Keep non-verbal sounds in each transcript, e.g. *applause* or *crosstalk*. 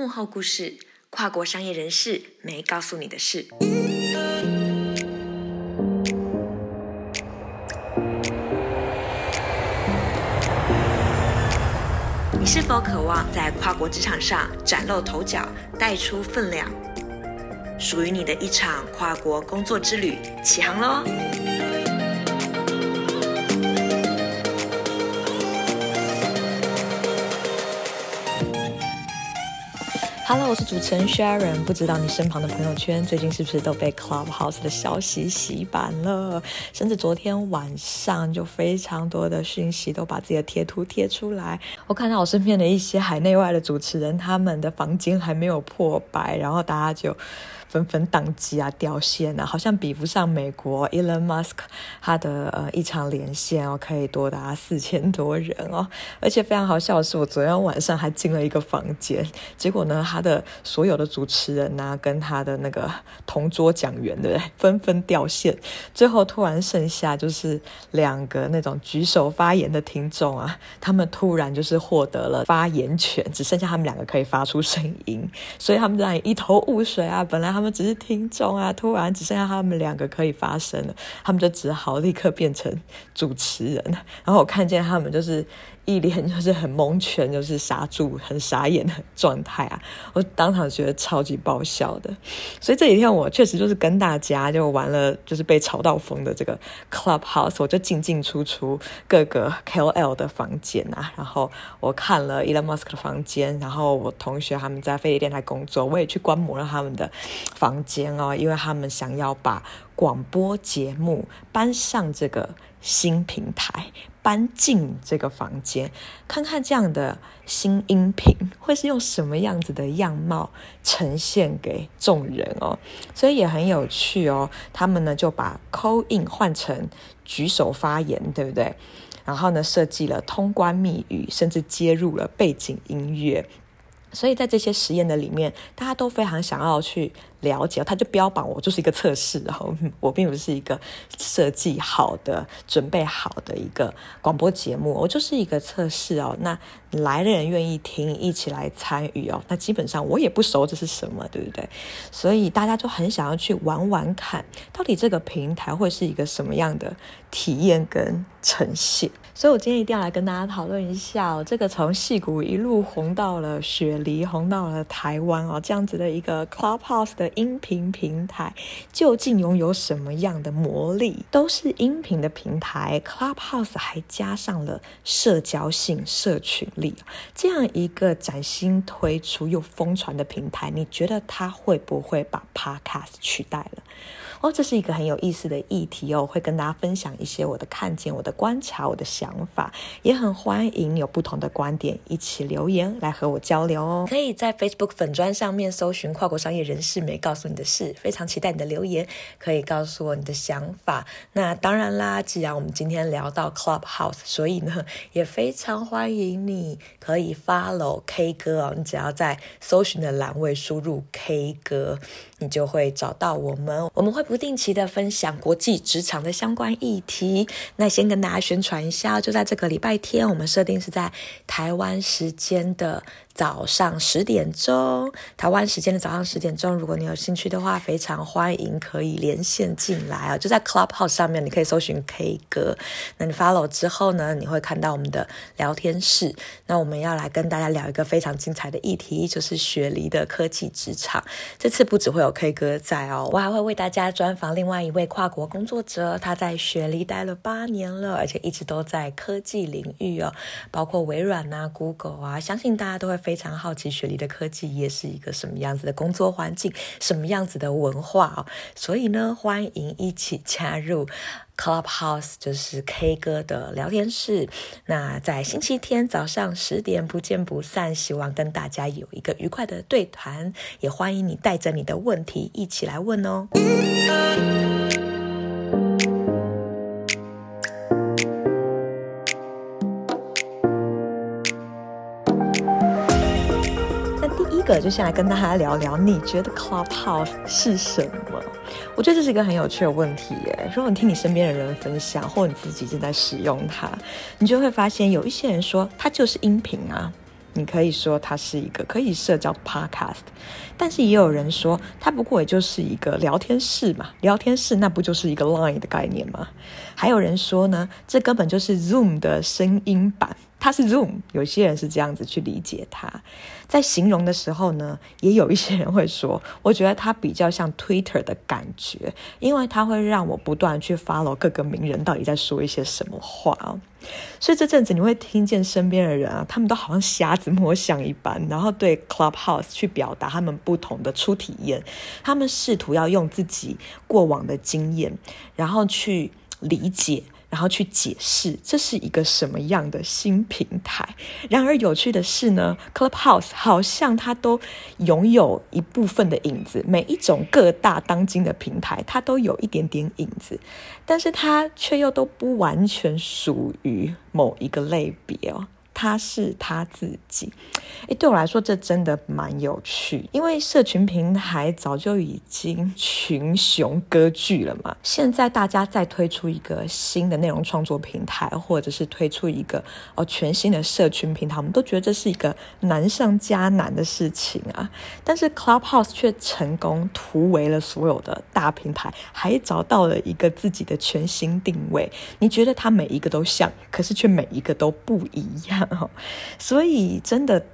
幕後故事：跨國商業人士沒告訴你的事。你是否渴望在跨國職場上嶄露頭角，帶出分量？屬於你的一場跨國工作之旅，起航囉！Hello，我是主持人 Sharon，不知道你身旁的朋友圈最近是不是都被 Clubhouse 的消息洗版了？甚至昨天晚上就非常多的訊息都把自己的貼圖貼出來。我看到我身邊的一些海內外的主持人，他們的房間還沒有破百，然後大家就紛紛宕機啊，掉線啊，好像比不上美國、哦、Elon Musk 他的呃一場連線哦，可以多達四千多人哦，而且非常好笑的是，我昨天晚上還進了一個房間，結果呢，他的所有的主持人吶、啊，跟他的那個同桌講員，對不對？紛紛掉線，最後突然剩下就是兩個那種舉手發言的聽眾啊，他們突然就是獲得了發言權，只剩下他們兩個可以發出聲音，所以他們這樣一頭霧水啊，本來他們。他們只是聽眾啊，突然只剩下他們兩個可以發聲了，他們就只好立刻變成主持人。然後我看見他們就是。一臉就是很蒙圈，就是傻住、很傻眼的狀態啊！我當場覺得超級爆笑的，所以這幾天我確實就是跟大家就玩了，就是被炒到瘋的這個 Clubhouse，我就進進出出各個 KOL 的房間啊，然後我看了 Elon Musk 的房間，然後我同學他們在飛碟電台工作，我也去觀摩了他們的房間哦，因為他們想要把。廣播節目搬上這個新平台，搬進這個房間，看看這樣的新音頻會是用什麼樣子的樣貌呈現給眾人哦，所以也很有趣哦。他們呢就把 call in 換成舉手發言，對不對？然後呢，設計了通關密語，甚至接入了背景音樂。所以在這些實驗的裡面，大家都非常想要去。了解，他就標榜我,我就是一個測試哦，我並不是一個設計好的、準備好的一個廣播節目，我就是一個測試哦。那來的人願意聽，一起來參與哦。那基本上我也不熟，這是什麼，對不對？所以大家就很想要去玩玩看，到底這個平台會是一個什麼樣的體驗跟呈現。所以我今天一定要來跟大家討論一下哦，這個從矽谷一路紅到了雪梨，紅到了台灣哦，這樣子的一個 Clubhouse 的。音頻平台究竟擁有什麼樣的魔力？都是音頻的平台，Clubhouse 還加上了社交性、社群力。這樣一個嶄新推出又瘋傳的平台，你覺得它會不會把 Podcast 取代了？哦，這是一個很有意思的議題哦，會跟大家分享一些我的看見、我的觀察、我的想法，也很歡迎有不同的觀點一起留言來和我交流哦。可以在 Facebook 粉專上面搜尋“跨國商業人士沒告訴你的事”，非常期待你的留言，可以告訴我你的想法。那當然啦，既然我們今天聊到 Clubhouse，所以呢，也非常歡迎你可以 follow K 哥哦，你只要在搜尋的欄位輸入 K 哥。你就會找到我們，我們會不定期的分享國際職場的相關議題。那先跟大家宣傳一下，就在這個禮拜天，我們設定是在台灣時間的早上十點鐘，台灣時間的早上十點鐘。如果你有興趣的話，非常歡迎可以連線進來啊，就在 Clubhouse 上面，你可以搜尋 K 哥。那你 follow 之後呢，你會看到我們的聊天室。那我們要來跟大家聊一個非常精彩的議題，就是雪梨的科技職場。這次不只會有。K 哥在哦，我還會為大家專訪另外一位跨國工作者，他在雪梨待了八年了，而且一直都在科技領域哦，包括微軟啊、Google 啊，相信大家都會非常好奇雪梨的科技業是一個什麼樣子的工作環境，什麼樣子的文化哦。所以呢，歡迎一起加入。Clubhouse 就是 K 哥的聊天室。那在星期天早上十點不見不散，希望跟大家有一個愉快的對談，也歡迎你帶着你的問題一起來問哦。 *noise* 就先來跟大家聊聊，你覺得 Clubhouse 是什麼？我覺得這是一個很有趣的問題耶。如果你聽你身邊的人分享，或你自己正在使用它，你就會發現有一些人說它就是音頻啊，你可以說它是一個可以社交 Podcast，但是也有人說它不過也就是一個聊天室嘛，聊天室那不就是一個 Line 的概念嗎？還有人說呢，這根本就是 Zoom 的聲音版。它是 Zoom，有些人是這樣子去理解它。在形容的時候呢，也有一些人會說，我覺得它比較像 Twitter 的感覺，因為它會讓我不斷去 follow 各個名人到底在說一些什麼話。所以這陣子你會聽見身邊的人啊，他們都好像瞎子摸象一般，然後對 Clubhouse 去表達他們不同的初體驗。他們試圖要用自己過往的經驗，然後去理解。然後去解釋，這是一個什麼樣的新平台。然而有趣的是呢，Clubhouse 好像它都擁有一部分的影子，每一種各大當今的平台，它都有一點點影子，但是它卻又都不完全屬於某一個類別哦。他是他自己，誒、欸，對我來說這真的蠻有趣，因為社群平台早就已經群雄割據了嘛。現在大家再推出一個新的內容創作平台，或者是推出一個哦全新的社群平台，我們都覺得這是一個難上加難的事情啊。但是 Clubhouse 卻成功突圍了所有的大平台，還找到了一個自己的全新定位。你覺得它每一個都像，可是卻每一個都不一樣。哦、所以，真的，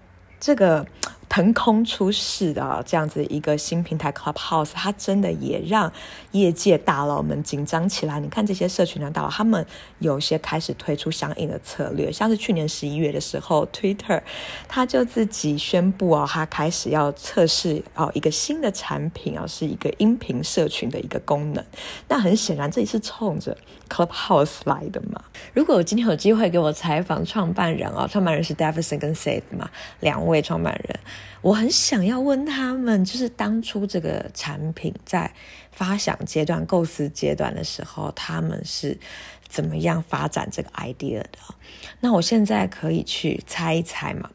這個騰空出世的，哦，這樣子一個新平台 Clubhouse，它真的也讓業界大佬們緊張起來。你看，這些社群的大佬，他們有些開始推出相應的策略，像是去年十一月的時候，Twitter，他就自己宣布他，哦，開始要測試，哦、一個新的產品啊，哦，是一個音頻社群的一個功能。那很顯然，這一次衝着。Clubhouse 來的嘛？如果我今天有機會給我採訪創辦人哦，創辦人是 Davison 跟 Seth 嘛，兩位創辦人，我很想要問他們，就是當初這個產品在發想階段、構思階段的時候，他們是怎麼樣發展這個 idea 的哦？那我現在可以去猜一猜嘛？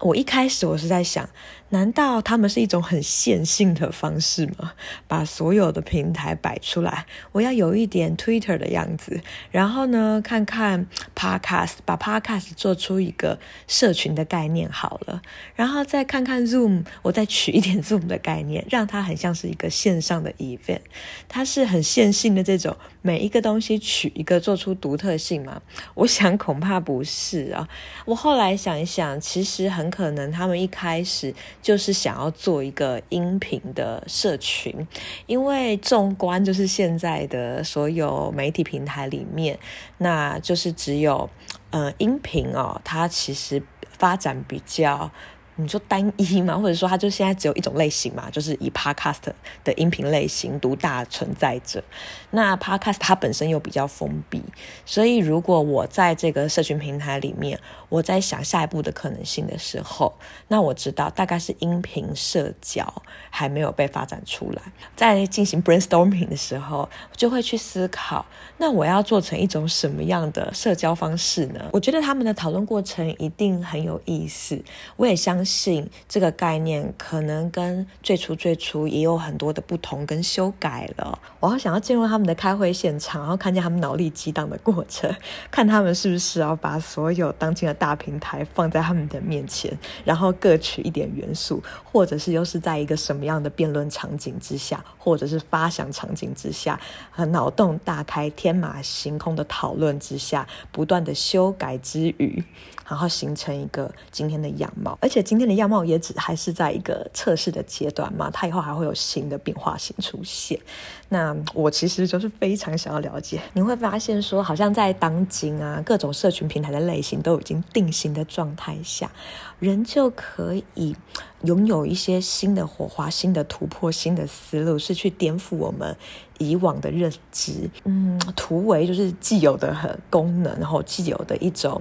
我一開始我是在想。難道他們是一種很線性的方式嗎？把所有的平台擺出來，我要有一點 Twitter 的樣子，然後呢，看看 Podcast，把 Podcast 做出一個社群的概念好了，然後再看看 Zoom，我再取一點 Zoom 的概念，讓它很像是一個線上的 event，它是很線性的這種，每一個東西取一個做出獨特性嗎？我想恐怕不是啊。我後來想一想，其實很可能他們一開始。就是想要做一個音頻的社群，因為縱觀就是現在的所有媒體平台裡面，那就是只有呃音頻哦，它其實發展比較，你說單一嘛，或者說它就現在只有一種類型嘛，就是以 Podcast 的音頻類型獨大存在着。那 Podcast 它本身又比較封閉，所以如果我在這個社群平台裡面。我在想下一步的可能性的時候，那我知道大概是音頻社交還沒有被發展出來。在進行 brainstorming 的時候，就會去思考，那我要做成一種什麼樣的社交方式呢？我覺得他們的討論過程一定很有意思。我也相信這個概念可能跟最初最初也有很多的不同跟修改了。我好想要進入他們的開會現場，然後看見他們腦力激盪的過程，看他們是不是要把所有當今的。大平台放在他們的面前，然後各取一點元素，或者是又是在一個什麼樣的辯論場景之下，或者是發想場景之下，腦洞大開、天馬行空的討論之下，不斷的修改之餘。然後形成一個今天的樣貌，而且今天的樣貌也只還是在一個測試的階段嘛，它以後還會有新的變化型出現。那我其實就是非常想要了解。你會發現說，好像在當今啊，各種社群平台的類型都已經定型的狀態下，人就可以擁有一些新的火花、新的突破、新的思路，是去顛覆我們以往的認知，嗯，突圍就是既有的功能，然後既有的一種。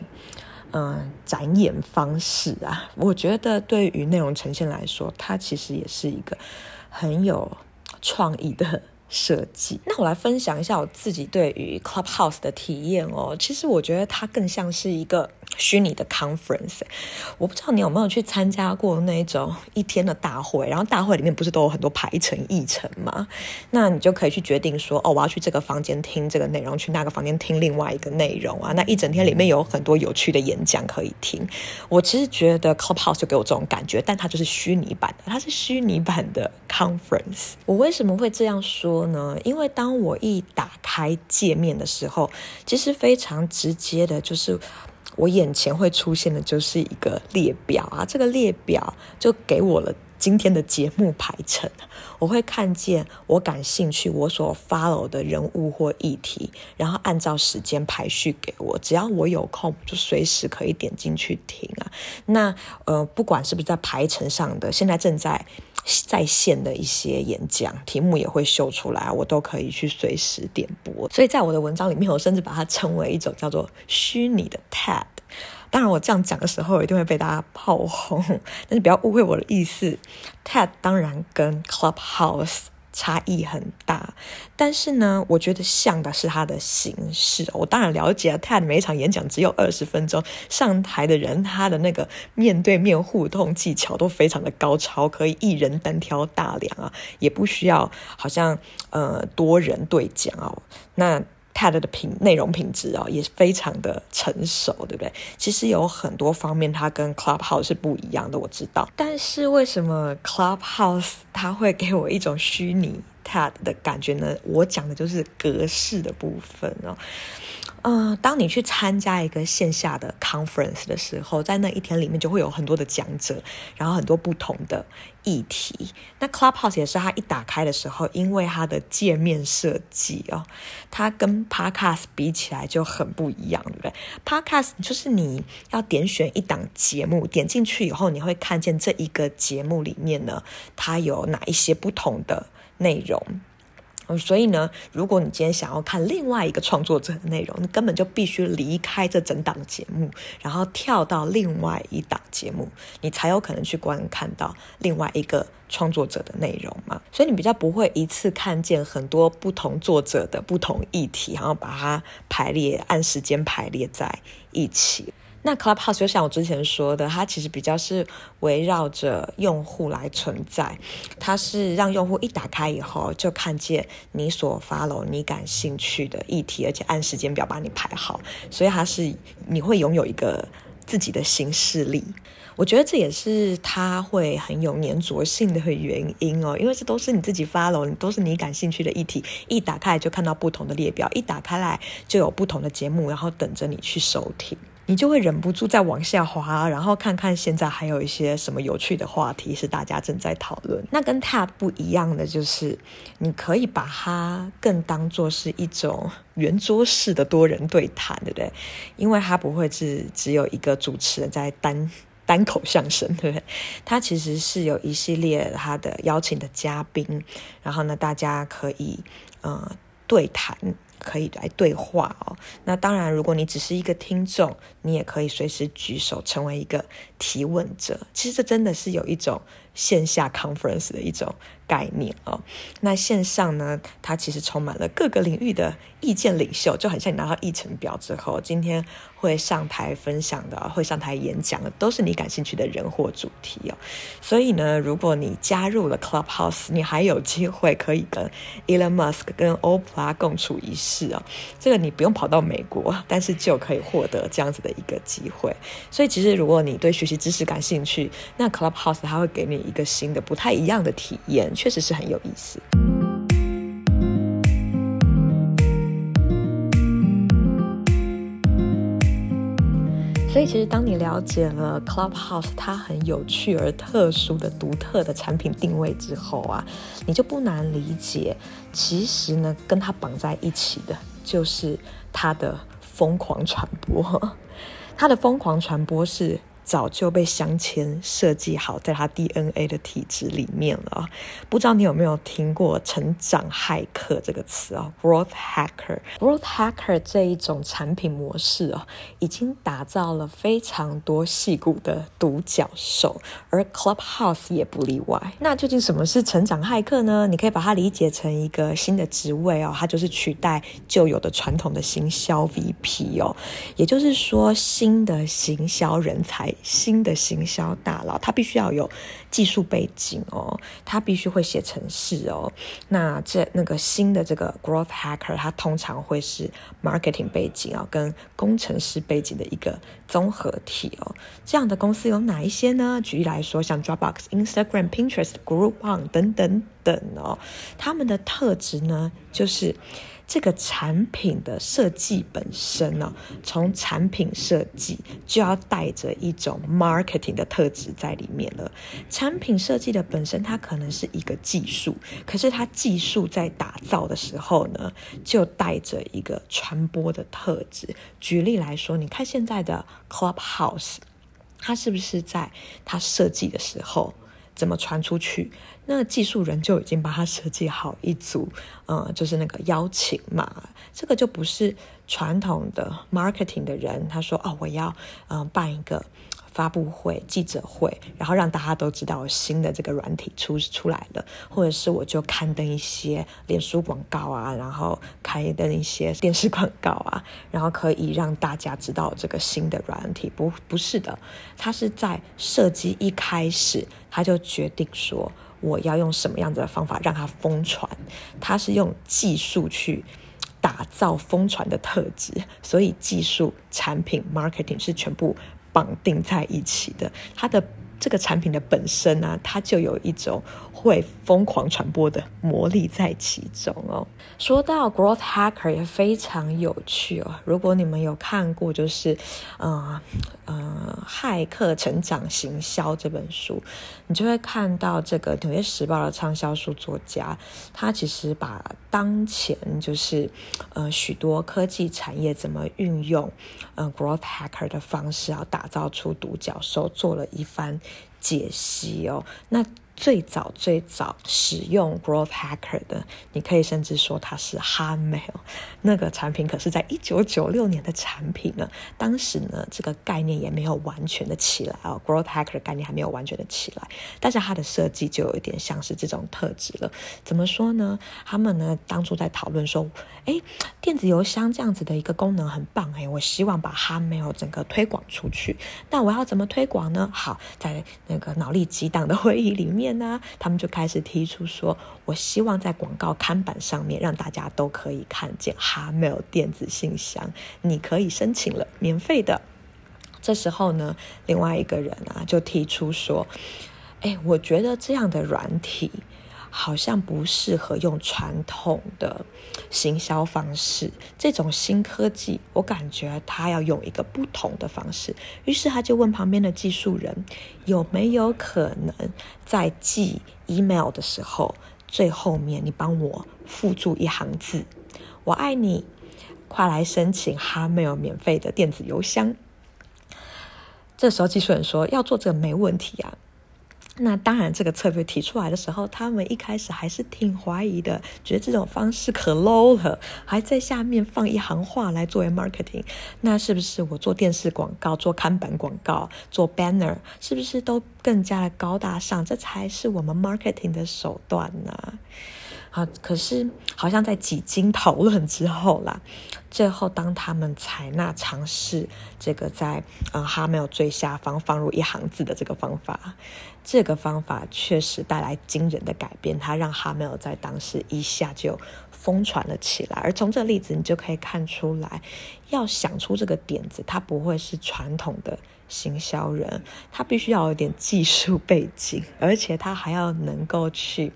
嗯、呃，展演方式啊，我覺得對於內容呈現來說，它其實也是一個很有創意的設計，那我來分享一下我自己對於 Clubhouse 的體驗哦。其實我覺得它更像是一個虛擬的 conference。我不知道你有沒有去參加過那種一天的大會，然後大會裡面不是都有很多排程議程嗎？那你就可以去決定說，哦，我要去這個房間聽這個內容，去那個房間聽另外一個內容啊。那一整天裡面有很多有趣的演講可以聽。我其實覺得 Clubhouse 就給我這種感覺，但它就是虛擬版的，它是虛擬版的 conference。我為什麼會這樣說呢？因為當我一打開界面的時候，其實非常直接的，就是我眼前會出現的就是一個列表啊，這個列表就給我了，今天的節目排程，我會看見我感興趣、我所 follow 的人物或議題，然後按照時間排序給我。只要我有空，就隨時可以點進去聽啊。那呃，不管是不是在排程上的，現在正在在線的一些演講題目也會秀出來，我都可以去隨時點播。所以在我的文章裡面，我甚至把它稱為一種叫做虛擬的 tab。當然，我這樣講的時候一定會被大家炮轟，但是不要誤會我的意思。TED 當然跟 Clubhouse 差異很大，但是呢，我覺得像的是他的形式。我當然了解了，TED 每一場演講只有二十分鐘，上台的人他的那個面對面互動技巧都非常的高超，可以一人單挑大梁啊，也不需要好像呃多人對講哦。那它的品，內容品質哦，也是非常的成熟，對不對？其實有很多方面，它跟 Clubhouse 是不一樣的。我知道，但是為什麼 Clubhouse 它會給我一種虛擬它的感覺呢？我講的就是格式的部分哦。嗯，當你去參加一個線下的 conference 的時候，在那一天裡面就會有很多的講者，然後很多不同的議題。那 Clubhouse 也是，它一打開的時候，因為它的界面設計哦，它跟 Podcast 比起來就很不一樣，對不對？Podcast 就是你要點選一檔節目，點進去以後，你會看見這一個節目裡面呢，它有哪一些不同的。內容，所以呢，如果你今天想要看另外一個創作者的內容，你根本就必須離開這整檔節目，然後跳到另外一檔節目，你才有可能去觀看到另外一個創作者的內容嘛。所以你比較不會一次看見很多不同作者的不同議題，然後把它排列，按時間排列在一起。那 Clubhouse 就像我之前說的，它其實比較是圍繞着用戶來存在，它是讓用戶一打開以後就看見你所 follow 你感興趣的議題，而且按時間表把你排好，所以它是你會擁有一個自己的行事曆，我覺得這也是它會很有粘着性的原因哦，因為這都是你自己 follow，都是你感興趣的議題，一打開來就看到不同的列表，一打開來就有不同的節目，然後等着你去收聽。你就會忍不住再往下滑，然後看看現在還有一些什麼有趣的話題是大家正在討論。那跟他不一樣的就是，你可以把它更當做是一種圓桌式的多人對談，對不對？因為他不會是只有一個主持人在單單口相聲，對不對？他其實是有一系列他的邀請的嘉賓，然後呢，大家可以呃對談。可以來對話哦。那當然，如果你只是一個聽眾，你也可以隨時舉手，成為一個提問者。其實這真的是有一種，線下 conference 的一種概念哦，那線上呢？它其實充滿了各個領域的意見領袖，就很像你拿到議程表之後，今天會上台分享的、會上台演講的，都是你感興趣的人或主題哦。所以呢，如果你加入了 Clubhouse，你還有機會可以跟 Elon Musk 跟 Oprah 共處一室哦，這個你不用跑到美國，但是就可以獲得這樣子的一個機會。所以其實如果你對學習知識感興趣，那 Clubhouse 它會給你。一個新的不太一樣的體驗，確實是很有意思。所以，其實當你了解了 Clubhouse 它很有趣而特殊的獨特的產品定位之後啊，你就不難理解，其實呢，跟它綁在一起的就是它的瘋狂傳播。呵呵，它的瘋狂傳播是。早就被鑲嵌設計好在他 DNA 的體制裡面了。不知道你有沒有聽過“成長駭客”這個詞啊？growth hacker。growth hacker 這一種產品模式哦，已經打造了非常多矽谷的獨角獸，而 Clubhouse 也不例外。那究竟什麼是成長駭客呢？你可以把它理解成一個新的職位哦，它就是取代舊有的傳統的行銷 VP 哦，也就是說新的行銷人才。新的行銷大佬，他必須要有技術背景哦，他必須會寫程式哦。那這那個新的這個 growth hacker，他通常會是 marketing 背景啊、哦，跟工程師背景的一個綜合體哦。這樣的公司有哪一些呢？舉例來說，像 Dropbox、Instagram、Pinterest、Groupon 等等等哦。他們的特質呢，就是，這個產品的設計本身呢，啊，從產品設計就要帶着一種 marketing 的特質在裡面了。產品設計的本身，它可能是一個技術，可是它技術在打造的時候呢，就帶着一個傳播的特質。舉例來說，你看現在的 Clubhouse，它是不是在它設計的時候怎麼傳出去？那技術人就已經幫他設計好一組，呃，就是那個邀請嘛。這個就不是傳統的 marketing 的人。他說：“哦，我要、呃、辦一個發布會、記者會，然後讓大家都知道新的這個軟體出出來了，或者是我就刊登一些臉書廣告啊，然後刊登一些電視廣告啊，然後可以讓大家知道這個新的軟體。”不，不是的，他是在設計一開始他就決定說。我要用什麼樣子的方法讓它瘋傳？它是用技術去打造瘋傳的特質，所以技術、產品、marketing 是全部綁定在一起的。它的。這個產品的本身呢，啊，它就有一種會瘋狂傳播的魔力在其中哦。說到 growth hacker 也非常有趣哦。如果你們有看過，就是，呃、呃，《駭客成長行銷》這本書，你就會看到這個《紐約時報》的暢銷書作家，他其實把當前就是呃許多科技產業怎麼運用呃 growth hacker 的方式，然後要打造出獨角獸，做了一番。解析哦，那。最早最早使用 Growth Hacker 的，你可以甚至說它是 Hotmail 那個產品，可是在一九九六年的產品了。當時呢，這個概念也沒有完全的起來啊、哦、，Growth Hacker 概念還沒有完全的起來，但是它的設計就有一點像是這種特質了。怎麼說呢？他們呢當初在討論說，哎，電子郵箱這樣子的一個功能很棒，哎，我希望把 Hotmail 整個推廣出去。那我要怎麼推廣呢？好，在那個腦力激盪的會議裡面。那、啊、他們就開始提出說，我希望在廣告看板上面讓大家都可以看見，哈沒有電子信箱，你可以申請了，免費的。這時候呢，另外一個人啊就提出說，哎，我覺得這樣的軟體。好像不適合用傳統的行銷方式，這種新科技，我感覺他要用一個不同的方式。於是他就問旁邊的技術人，有沒有可能在寄 email 的時候，最後面你幫我附注一行字：“我愛你，快來申請 Hotmail 免費的電子郵箱。”這時候技術人說：“要做這個沒問題啊。”那當然，這個策略提出來的時候，他們一開始還是挺懷疑的，覺得這種方式可 low 了，還在下面放一行話來作為 marketing。那是不是我做電視廣告、做看板廣告、做 banner，是不是都更加的高大上？這才是我們 marketing 的手段呢？啊，可是好像在幾經討論之後啦，最後當他們採納嘗試這個在呃 Hotmail 最下方放入一行字的這個方法，這個方法確實帶來驚人的改變，它讓 Hotmail 在當時一下就瘋傳了起來。而從這個例子，你就可以看出來，要想出這個點子，他不會是傳統的行銷人，他必須要有點技術背景，而且他還要能夠去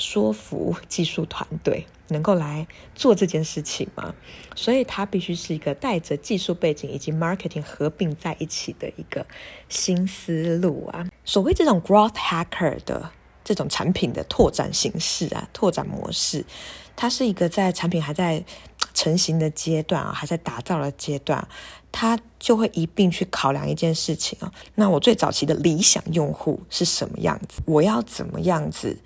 說服技術團隊能夠來做這件事情嗎？所以它必須是一個帶着技術背景以及 marketing 合併在一起的一個新思路啊。所謂這種 growth hacker 的這種產品的拓展形式啊，拓展模式，它是一個在產品還在成型的階段啊，還在打造的階段，它就會一併去考量一件事情啊。那我最早期的理想用戶是什麼樣子？我要怎麼樣子？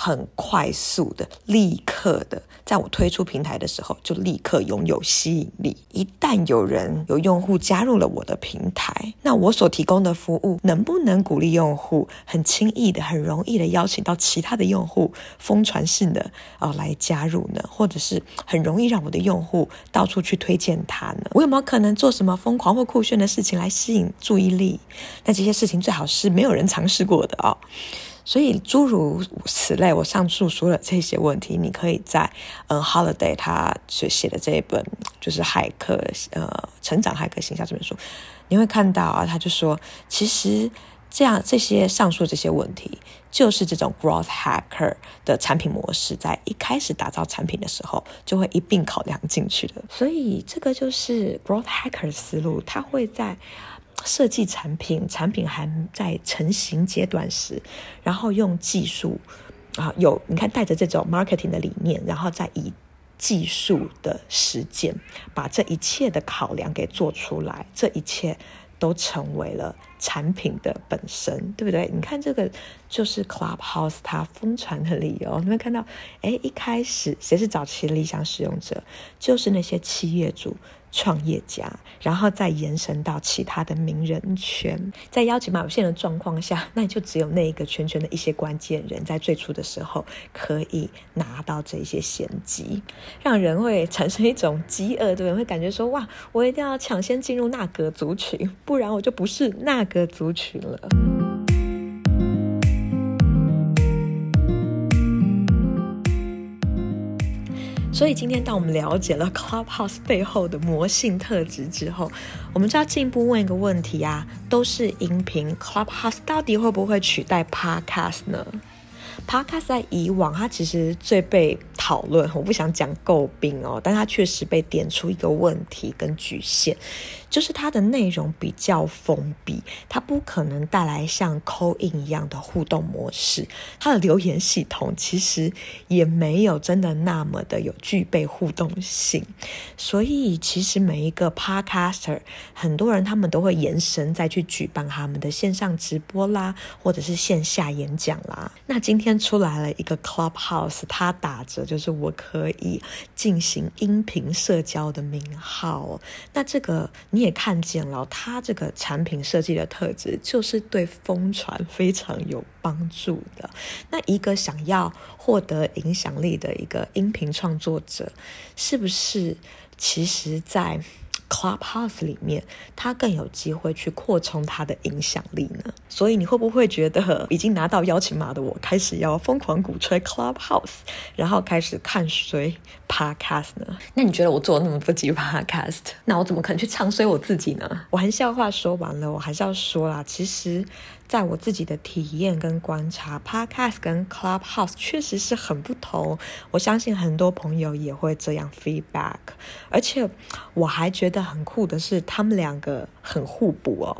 很快速的，立刻的，在我推出平台的時候，就立刻擁有吸引力。一旦有人有用戶加入了我的平台，那我所提供的服務能不能鼓勵用戶很輕易的、很容易的邀請到其他的用戶瘋傳式的哦來加入呢？或者是很容易讓我的用戶到處去推薦它呢？我有沒有可能做什麼瘋狂或酷炫的事情來吸引注意力？那這些事情最好是沒有人嘗試過的哦。所以諸如此類，我上述說的這些問題，你可以在嗯，Holiday 他所寫的這一本就是駭客呃成長駭客形象這本書，你會看到啊，他就說，其實這樣這些上述這些問題，就是這種 growth hacker 的產品模式在一開始打造產品的時候就會一併考量進去的。所以這個就是 growth hacker 的思路，他會在。設計產品，產品還在成型階段時，然後用技術，啊，有你看帶着這種 marketing 的理念，然後再以技術的實踐，把這一切的考量給做出來，這一切都成為了產品的本身，對不對？你看這個就是 Clubhouse 它瘋傳的理由，你會看到，哎，一開始誰是早期的理想使用者？就是那些企業主，創業家，然後再延伸到其他的名人圈，在邀請碼有限的狀況下，那你就只有那一個圈圈的一些關鍵人，在最初的時候可以拿到這些先機，讓人會產生一種飢餓，對不對？會感覺說，哇，我一定要搶先進入那個族群，不然我就不是那個族群了。所以今天當我們了解了 Clubhouse 背後的魔性特質之後，我們就要進一步問一個問題啊：都是音頻，Clubhouse 到底會不會取代 Podcast 呢？Podcast 在以往，它其實最被討論，我不想講詬病哦，但它確實被點出一個問題跟局限，就是它的內容比較封閉，它不可能帶來像 call in 一樣的互動模式。它的留言系統其實也沒有真的那麼的有具備互動性，所以其實每一個 Podcaster，很多人他們都會延伸再去舉辦他們的線上直播啦，或者是線下演講啦。那今天出來了一個 Clubhouse，它打著就是。就是我可以進行音頻社交的名號哦，那這個你也看見了，它這個產品設計的特質就是對瘋傳非常有幫助的。那一個想要獲得影響力的一個音頻創作者，是不是其實在？Clubhouse 裡面，他更有機會去擴充他的影響力呢。所以你會不會覺得，已經拿到邀請碼的我，開始要瘋狂鼓吹 Clubhouse，然後開始看衰 Podcast 呢？那你覺得我做了那麼多集 Podcast，那我怎麼可能去唱衰我自己呢？玩笑話說完了，我還是要說啦，其實。在我自己的體驗跟觀察，Podcast 跟 Clubhouse 確實是很不同。我相信很多朋友也會這樣 feedback。而且我還覺得很酷的是，他們兩個很互補哦。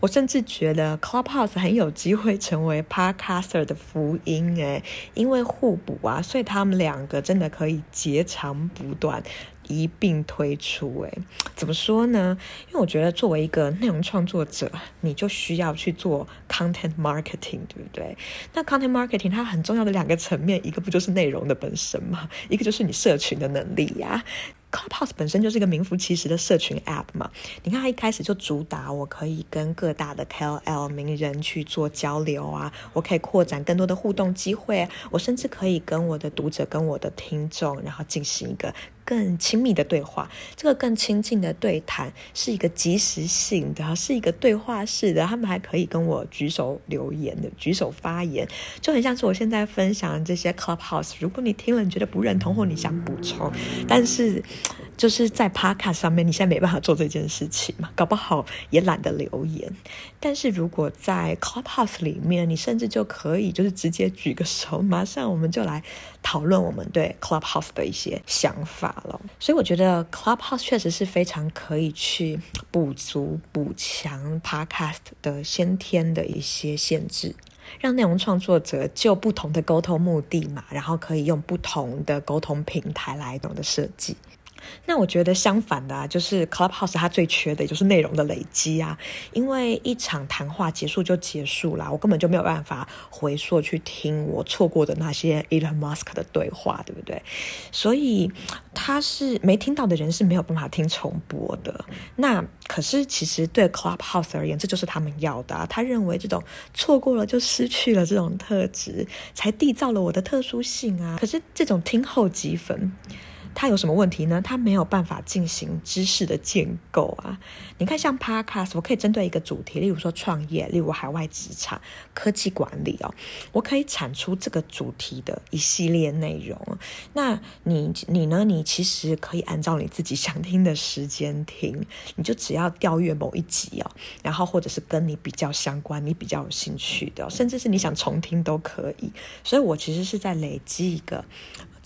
我甚至覺得 Clubhouse 很有機會成為 Podcaster 的福音誒，因為互補啊，所以他們兩個真的可以截長補短。一併推出，哎，怎麼說呢？因為我覺得作為一個內容創作者，你就需要去做 content marketing，對不對？那 content marketing 它很重要的兩個層面，一個不就是內容的本身嘛，一個就是你社群的能力呀、啊。Clubhouse 本身就是一個名副其實的社群 app 嘛，你看它一開始就主打，我可以跟各大的 KOL 名人去做交流啊，我可以擴展更多的互動機會，我甚至可以跟我的讀者、跟我的聽眾，然後進行一個，更親密的對話，這個更親近的對談是一個即時性的，是一個對話式的。他們還可以跟我舉手留言的，舉手發言，就很像是我現在分享這些 Clubhouse。如果你聽了，你覺得不認同或你想補充，但是。就是在 Podcast 上面，你現在沒辦法做這件事情嘛，搞不好也懶得留言。但是如果在 Clubhouse 裡面，你甚至就可以就是直接舉個手，馬上我們就來討論我們對 Clubhouse 的一些想法了。所以我覺得 Clubhouse 確實是非常可以去補足補強 Podcast 的先天的一些限制，讓內容創作者就不同的溝通目的嘛，然後可以用不同的溝通平台來懂得設計。那我覺得相反的啊，就是 Clubhouse 它最缺的就是內容的累積啊，因為一場談話結束就結束了，我根本就沒有辦法回溯去聽我錯過的那些 Elon Musk 的對話，對不對？所以他是沒聽到的人是沒有辦法聽重播的。那可是其實對 Clubhouse 而言，這就是他們要的啊。他認為這種錯過了就失去了這種特質，才締造了我的特殊性啊。可是這種聽後即焚。它有什麼問題呢？它沒有辦法進行知識的建構啊！你看，像 Podcast，我可以針對一個主題，例如說創業，例如海外職場、科技管理哦，我可以產出這個主題的一系列內容。那你你呢？你其實可以按照你自己想聽的時間聽，你就只要調閱某一集哦，然後或者是跟你比較相關、你比較有興趣的哦，甚至是你想重聽都可以。所以，我其實是在累積一個。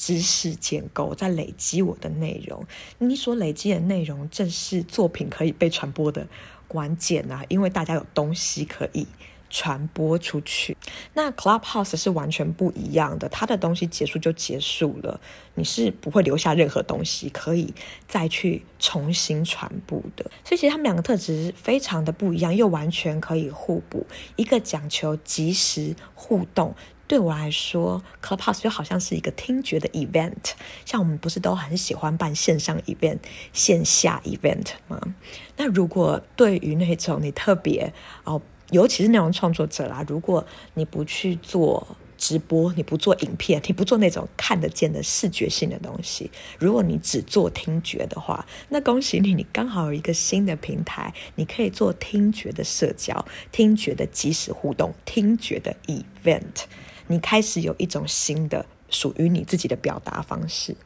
知識建構在累積我的內容，你所累積的內容正是作品可以被傳播的關鍵啊！因為大家有東西可以傳播出去。那 Clubhouse 是完全不一樣的，它的東西結束就結束了，你是不會留下任何東西可以再去重新傳播的。所以其實他們兩個特質非常的不一樣，又完全可以互補。一個講求即時互動。對我來說，Clubhouse 就好像是一個聽覺的 event。像我們不是都很喜歡辦線上 event、線下 event 嗎？那如果對於那種你特別哦，尤其是內容創作者啦，如果你不去做直播，你不做影片，你不做那種看得見的視覺性的東西，如果你只做聽覺的話，那恭喜你，你剛好有一個新的平台，你可以做聽覺的社交、聽覺的即時互動、聽覺的 event。你開始有一種新的屬於你自己的表達方式。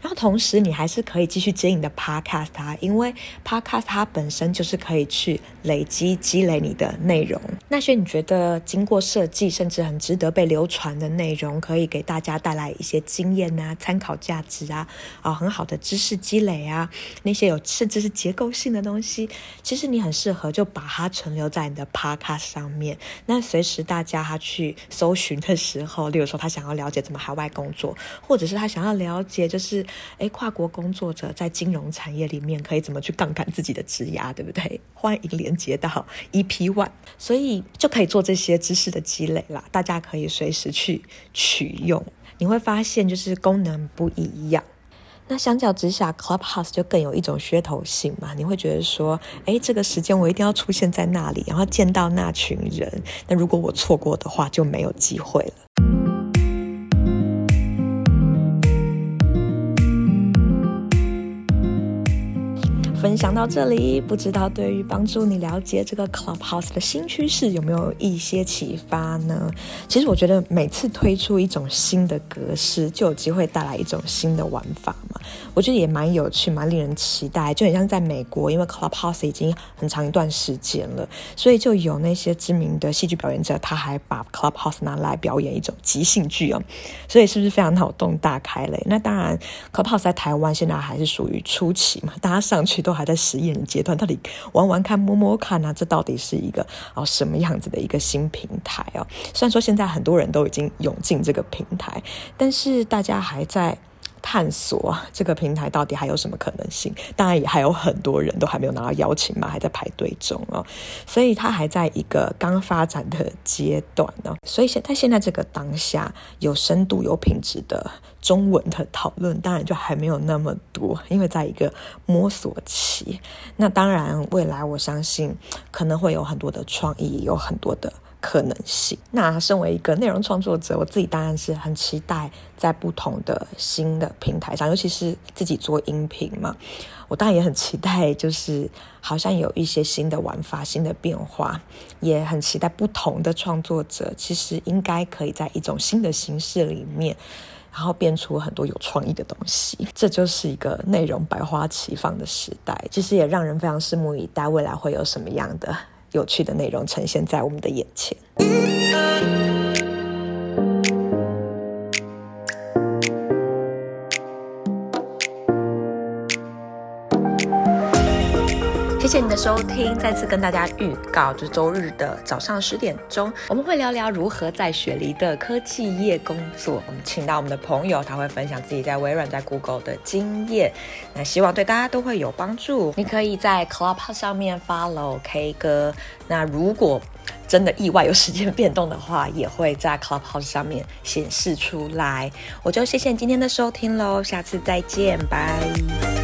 然後同時，你還是可以繼續接你的 Podcast，它、啊，因為 Podcast 它本身就是可以去累積、積累你的內容。那些你覺得經過設計，甚至很值得被流傳的內容，可以給大家帶來一些經驗啊、參考價值啊、啊很好的知識積累啊，那些有甚至是結構性的東西，其實你很適合就把它存留在你的 Podcast 上面。那隨時大家他去搜尋的時候，例如說他想要了解怎麼海外工作，或者是他想要了解就是。哎，跨國工作者在金融產業裡面可以怎麼去槓桿自己的職涯，對不對？歡迎連接到 EP One，所以就可以做這些知識的積累啦。大家可以隨時去取用，你會發現就是功能不一樣。那相較之下，Clubhouse 就更有一種噱頭性嘛。你會覺得說，哎，這個時間我一定要出現在那裡，然後見到那群人。那如果我錯過的話，就沒有機會了。想到這裡，不知道對於幫助你了解這個 Clubhouse 的新趨勢有沒有一些啟發呢？其實我覺得每次推出一種新的格式，就有機會帶來一種新的玩法嘛。我覺得也蠻有趣，蠻令人期待。就很像在美國，因為 Clubhouse 已經很長一段時間了，所以就有那些知名的戲劇表演者，他還把 Clubhouse 拿來表演一種即興劇哦。所以是不是非常腦洞大開嘞？那當然，Clubhouse 在台灣現在還是屬於初期嘛，大家上去都還。在實驗階段，到底玩玩看、摸摸看呢？這到底是一個啊什麼樣子的一個新平台啊？雖然說現在很多人都已經湧進這個平台，但是大家還在。探索這個平台到底還有什麼可能性。當然也還有很多人都還沒有拿到邀請碼，還在排隊中哦，所以它還在一個剛發展的階段呢、哦。所以現在現在這個當下有深度、有品質的中文的討論，當然就還沒有那麼多，因為在一個摸索期。那當然未來我相信可能會有很多的創意，有很多的。可能性。那身為一個內容創作者，我自己當然是很期待在不同的新的平台上，尤其是自己做音頻嘛，我當然也很期待，就是好像有一些新的玩法、新的變化，也很期待不同的創作者其實應該可以在一種新的形式裡面，然後變出很多有創意的東西。這就是一個內容百花齊放的時代，其實也讓人非常拭目以待，未來會有什麼樣的。有趣的內容呈現在我們的眼前。謝謝你的收聽，再次跟大家預告，就周日的早上十點鐘，我們會聊聊如何在雪梨的科技業工作。我們請到我們的朋友，他會分享自己在微軟、在 Google 的經驗。那希望對大家都會有幫助。你可以在 Clubhouse 上面 follow K 哥。那如果真的意外有時間變動的話，也會在 Clubhouse 上面顯示出來。我就謝謝今天的收聽嘍，下次再見，拜。